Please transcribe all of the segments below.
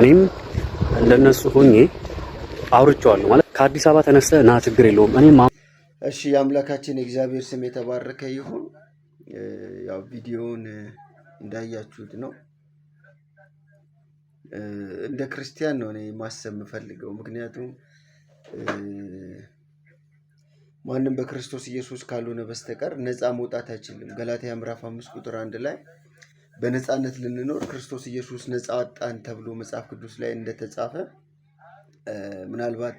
እኔም እንደነሱ ሆኜ አውርቼዋለሁ ማለት ከአዲስ አበባ ተነስተ ና ችግር የለውም። እኔም እሺ፣ የአምላካችን የእግዚአብሔር ስም የተባረከ ይሁን። ያው ቪዲዮውን እንዳያችሁት ነው። እንደ ክርስቲያን ነው እኔ ማሰብ የምፈልገው። ምክንያቱም ማንም በክርስቶስ ኢየሱስ ካልሆነ በስተቀር ነፃ መውጣት አይችልም። ገላትያ ምዕራፍ አምስት ቁጥር አንድ ላይ በነፃነት ልንኖር ክርስቶስ ኢየሱስ ነፃ ወጣን ተብሎ መጽሐፍ ቅዱስ ላይ እንደተጻፈ ምናልባት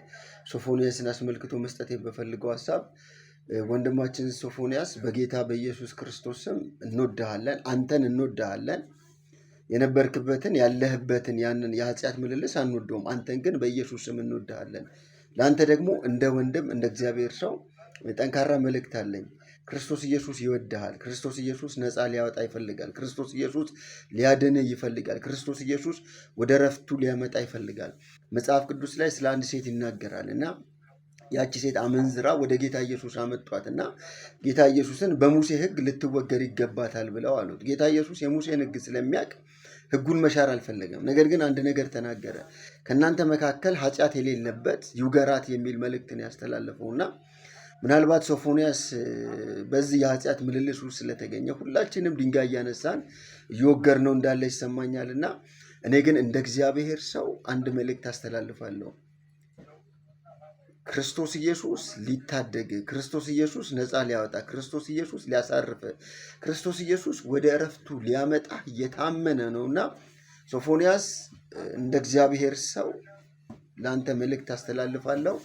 ሶፎንያስን አስመልክቶ መስጠት በፈልገው ሀሳብ ወንድማችን ሶፎንያስ በጌታ በኢየሱስ ክርስቶስ ስም እንወድሃለን፣ አንተን እንወድሃለን። የነበርክበትን ያለህበትን ያንን የኃጢአት ምልልስ አንወደውም። አንተን ግን በኢየሱስ ስም እንወድሃለን። ለአንተ ደግሞ እንደ ወንድም እንደ እግዚአብሔር ሰው ጠንካራ መልእክት አለኝ። ክርስቶስ ኢየሱስ ይወድሃል። ክርስቶስ ኢየሱስ ነፃ ሊያወጣ ይፈልጋል። ክርስቶስ ኢየሱስ ሊያደነ ይፈልጋል። ክርስቶስ ኢየሱስ ወደ ረፍቱ ሊያመጣ ይፈልጋል። መጽሐፍ ቅዱስ ላይ ስለ አንድ ሴት ይናገራል እና ያቺ ሴት አመንዝራ ወደ ጌታ ኢየሱስ አመጧት እና ጌታ ኢየሱስን በሙሴ ሕግ ልትወገር ይገባታል ብለው አሉት። ጌታ ኢየሱስ የሙሴን ሕግ ስለሚያውቅ ሕጉን መሻር አልፈለገም። ነገር ግን አንድ ነገር ተናገረ። ከእናንተ መካከል ኃጢአት የሌለበት ይውገራት የሚል መልእክትን ያስተላለፈውና ምናልባት ሶፎንያስ በዚህ የኃጢአት ምልልስ ውስጥ ስለተገኘ ሁላችንም ድንጋይ እያነሳን እየወገር ነው እንዳለ ይሰማኛል እና እኔ ግን እንደ እግዚአብሔር ሰው አንድ መልእክት አስተላልፋለሁ። ክርስቶስ ኢየሱስ ሊታደግ፣ ክርስቶስ ኢየሱስ ነፃ ሊያወጣ፣ ክርስቶስ ኢየሱስ ሊያሳርፈ ክርስቶስ ኢየሱስ ወደ እረፍቱ ሊያመጣ የታመነ ነው እና ሶፎንያስ እንደ እግዚአብሔር ሰው ለአንተ መልእክት አስተላልፋለሁ።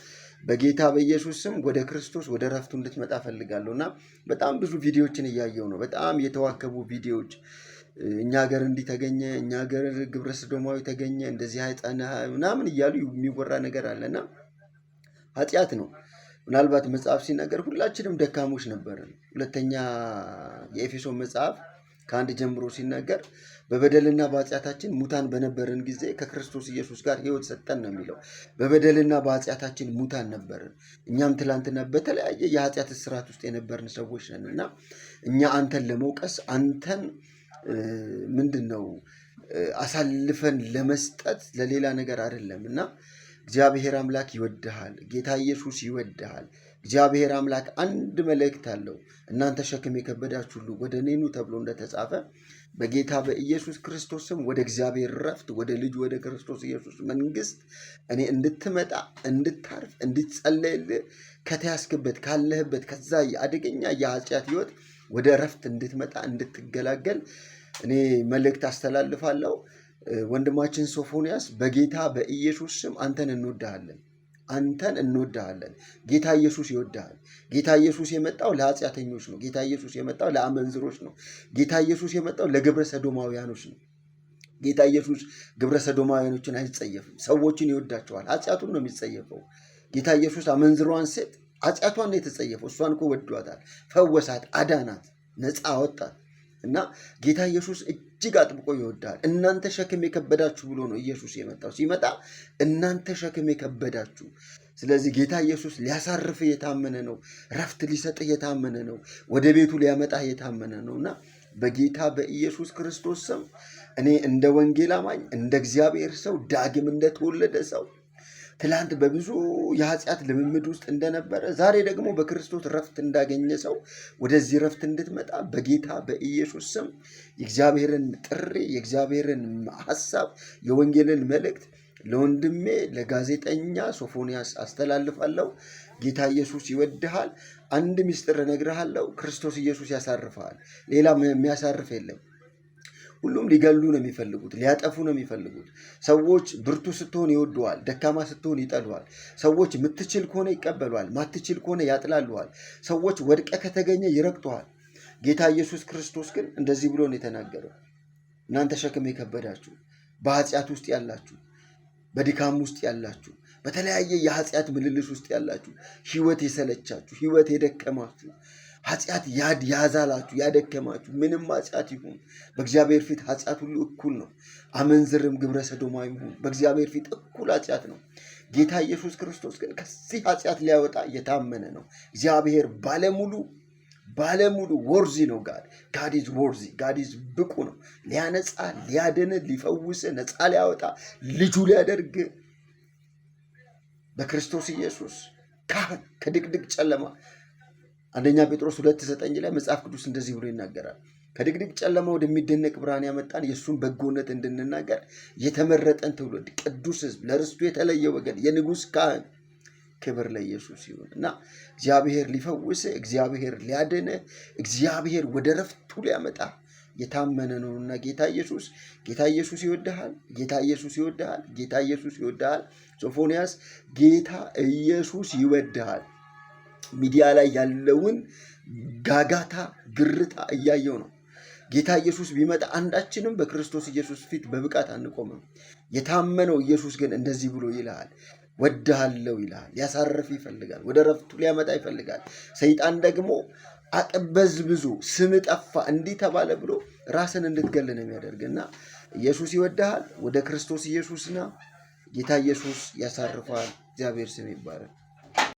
በጌታ በኢየሱስ ስም ወደ ክርስቶስ ወደ ረፍቱ እንድትመጣ ፈልጋለሁ እና በጣም ብዙ ቪዲዮዎችን እያየው ነው። በጣም የተዋከቡ ቪዲዮዎች እኛ ሀገር እንዲህ ተገኘ፣ እኛ ሀገር ግብረ ስዶማዊ ተገኘ፣ እንደዚህ አይጠና ምናምን እያሉ የሚወራ ነገር አለ እና ኃጢአት ነው። ምናልባት መጽሐፍ ሲናገር ሁላችንም ደካሞች ነበርን። ሁለተኛ የኤፌሶን መጽሐፍ ከአንድ ጀምሮ ሲናገር በበደልና በኃጢአታችን ሙታን በነበርን ጊዜ ከክርስቶስ ኢየሱስ ጋር ሕይወት ሰጠን ነው የሚለው። በበደልና በኃጢአታችን ሙታን ነበርን። እኛም ትላንትና በተለያየ የኃጢአት ስርዓት ውስጥ የነበርን ሰዎች ነን እና እኛ አንተን ለመውቀስ አንተን ምንድን ነው አሳልፈን ለመስጠት ለሌላ ነገር አይደለም እና እግዚአብሔር አምላክ ይወድሃል። ጌታ ኢየሱስ ይወድሃል። እግዚአብሔር አምላክ አንድ መልእክት አለው። እናንተ ሸክም የከበዳችሁ ሁሉ ወደ እኔ ኑ ተብሎ እንደተጻፈ በጌታ በኢየሱስ ክርስቶስም ወደ እግዚአብሔር ረፍት፣ ወደ ልጁ ወደ ክርስቶስ ኢየሱስ መንግስት እኔ እንድትመጣ እንድታርፍ፣ እንድትጸለይልህ ከተያስክበት ካለህበት ከዛ የአደገኛ የኃጢአት ህይወት ወደ ረፍት እንድትመጣ እንድትገላገል እኔ መልእክት አስተላልፋለሁ። ወንድማችን ሶፎንያስ በጌታ በኢየሱስ ስም አንተን እንወድሃለን፣ አንተን እንወድሃለን። ጌታ ኢየሱስ ይወድሃል። ጌታ ኢየሱስ የመጣው ለኃጢአተኞች ነው። ጌታ ኢየሱስ የመጣው ለአመንዝሮች ነው። ጌታ ኢየሱስ የመጣው ለግብረ ሰዶማውያኖች ነው። ጌታ ኢየሱስ ግብረ ሰዶማውያኖችን አይጸየፍም። ሰዎችን ይወዳቸዋል። ኃጢአቱን ነው የሚጸየፈው። ጌታ ኢየሱስ አመንዝሯን ሴት ኃጢአቷን ነው የተጸየፈው። እሷን እኮ ወዷታል፣ ፈወሳት፣ አዳናት፣ ነፃ አወጣት። እና ጌታ ኢየሱስ እጅግ አጥብቆ ይወዳል። እናንተ ሸክም የከበዳችሁ ብሎ ነው ኢየሱስ የመጣው። ሲመጣ እናንተ ሸክም የከበዳችሁ ስለዚህ ጌታ ኢየሱስ ሊያሳርፍ የታመነ ነው። ረፍት ሊሰጥህ የታመነ ነው። ወደ ቤቱ ሊያመጣህ የታመነ ነው እና በጌታ በኢየሱስ ክርስቶስ ስም እኔ እንደ ወንጌል አማኝ እንደ እግዚአብሔር ሰው ዳግም እንደተወለደ ሰው ትላንት በብዙ የኃጢአት ልምምድ ውስጥ እንደነበረ ዛሬ ደግሞ በክርስቶስ ረፍት እንዳገኘ ሰው ወደዚህ ረፍት እንድትመጣ በጌታ በኢየሱስ ስም የእግዚአብሔርን ጥሪ፣ የእግዚአብሔርን ሀሳብ የወንጌልን መልእክት ለወንድሜ ለጋዜጠኛ ሶፎንያስ አስተላልፋለሁ። ጌታ ኢየሱስ ይወድሃል። አንድ ምስጢር እነግርሃለሁ። ክርስቶስ ኢየሱስ ያሳርፈሃል። ሌላ የሚያሳርፍ የለም። ሁሉም ሊገሉ ነው የሚፈልጉት፣ ሊያጠፉ ነው የሚፈልጉት። ሰዎች ብርቱ ስትሆን ይወደዋል፣ ደካማ ስትሆን ይጠሏል። ሰዎች የምትችል ከሆነ ይቀበሏል፣ ማትችል ከሆነ ያጥላሉዋል። ሰዎች ወድቀ ከተገኘ ይረግጠዋል። ጌታ ኢየሱስ ክርስቶስ ግን እንደዚህ ብሎ ነው የተናገረው፣ እናንተ ሸክም የከበዳችሁ በኃጢአት ውስጥ ያላችሁ በድካም ውስጥ ያላችሁ በተለያየ የኃጢአት ምልልስ ውስጥ ያላችሁ ህይወት የሰለቻችሁ ህይወት የደከማችሁ ኃጢአት ያዛላችሁ ያደከማችሁ ምንም ኃጢአት ይሁን በእግዚአብሔር ፊት ኃጢአት ሁሉ እኩል ነው። አመንዝርም ግብረ ሰዶማ ይሁን በእግዚአብሔር ፊት እኩል ኃጢአት ነው። ጌታ ኢየሱስ ክርስቶስ ግን ከዚህ ኃጢአት ሊያወጣ የታመነ ነው። እግዚአብሔር ባለሙሉ ባለሙሉ ወርዚ ነው። ጋድ ጋድ ኢዝ ወርዚ ጋድ ኢዝ ብቁ ነው። ሊያነጻ፣ ሊያደን፣ ሊፈውስ፣ ነፃ ሊያወጣ፣ ልጁ ሊያደርግ በክርስቶስ ኢየሱስ ካህን ከድቅድቅ ጨለማ አንደኛ ጴጥሮስ ሁለት ዘጠኝ ላይ መጽሐፍ ቅዱስ እንደዚህ ብሎ ይናገራል። ከድቅድቅ ጨለማ ወደሚደነቅ ብርሃን ያመጣን የእሱን በጎነት እንድንናገር የተመረጠን ትውልድ፣ ቅዱስ ሕዝብ፣ ለርስቱ የተለየ ወገን፣ የንጉሥ ካህን ክብር ለኢየሱስ ይሁን እና እግዚአብሔር ሊፈውስ፣ እግዚአብሔር ሊያድን፣ እግዚአብሔር ወደ ረፍቱ ሊያመጣ የታመነ ነውና ጌታ ኢየሱስ ጌታ ኢየሱስ ይወድሃል። ጌታ ኢየሱስ ይወድሃል። ጌታ ኢየሱስ ይወድሃል። ሶፎንያስ ጌታ ኢየሱስ ይወድሃል። ሚዲያ ላይ ያለውን ጋጋታ ግርታ እያየው ነው። ጌታ ኢየሱስ ቢመጣ አንዳችንም በክርስቶስ ኢየሱስ ፊት በብቃት አንቆምም። የታመነው ኢየሱስ ግን እንደዚህ ብሎ ይልሃል፣ ወድሃለው ይልሃል። ሊያሳርፍ ይፈልጋል። ወደ ረፍቱ ሊያመጣ ይፈልጋል። ሰይጣን ደግሞ አቅበዝ ብዙ ስም ጠፋ እንዲህ ተባለ ብሎ ራስን እንድትገል ነው የሚያደርግ እና ኢየሱስ ይወድሃል። ወደ ክርስቶስ ኢየሱስና ጌታ ኢየሱስ ያሳርፋል። እግዚአብሔር ስም ይባላል።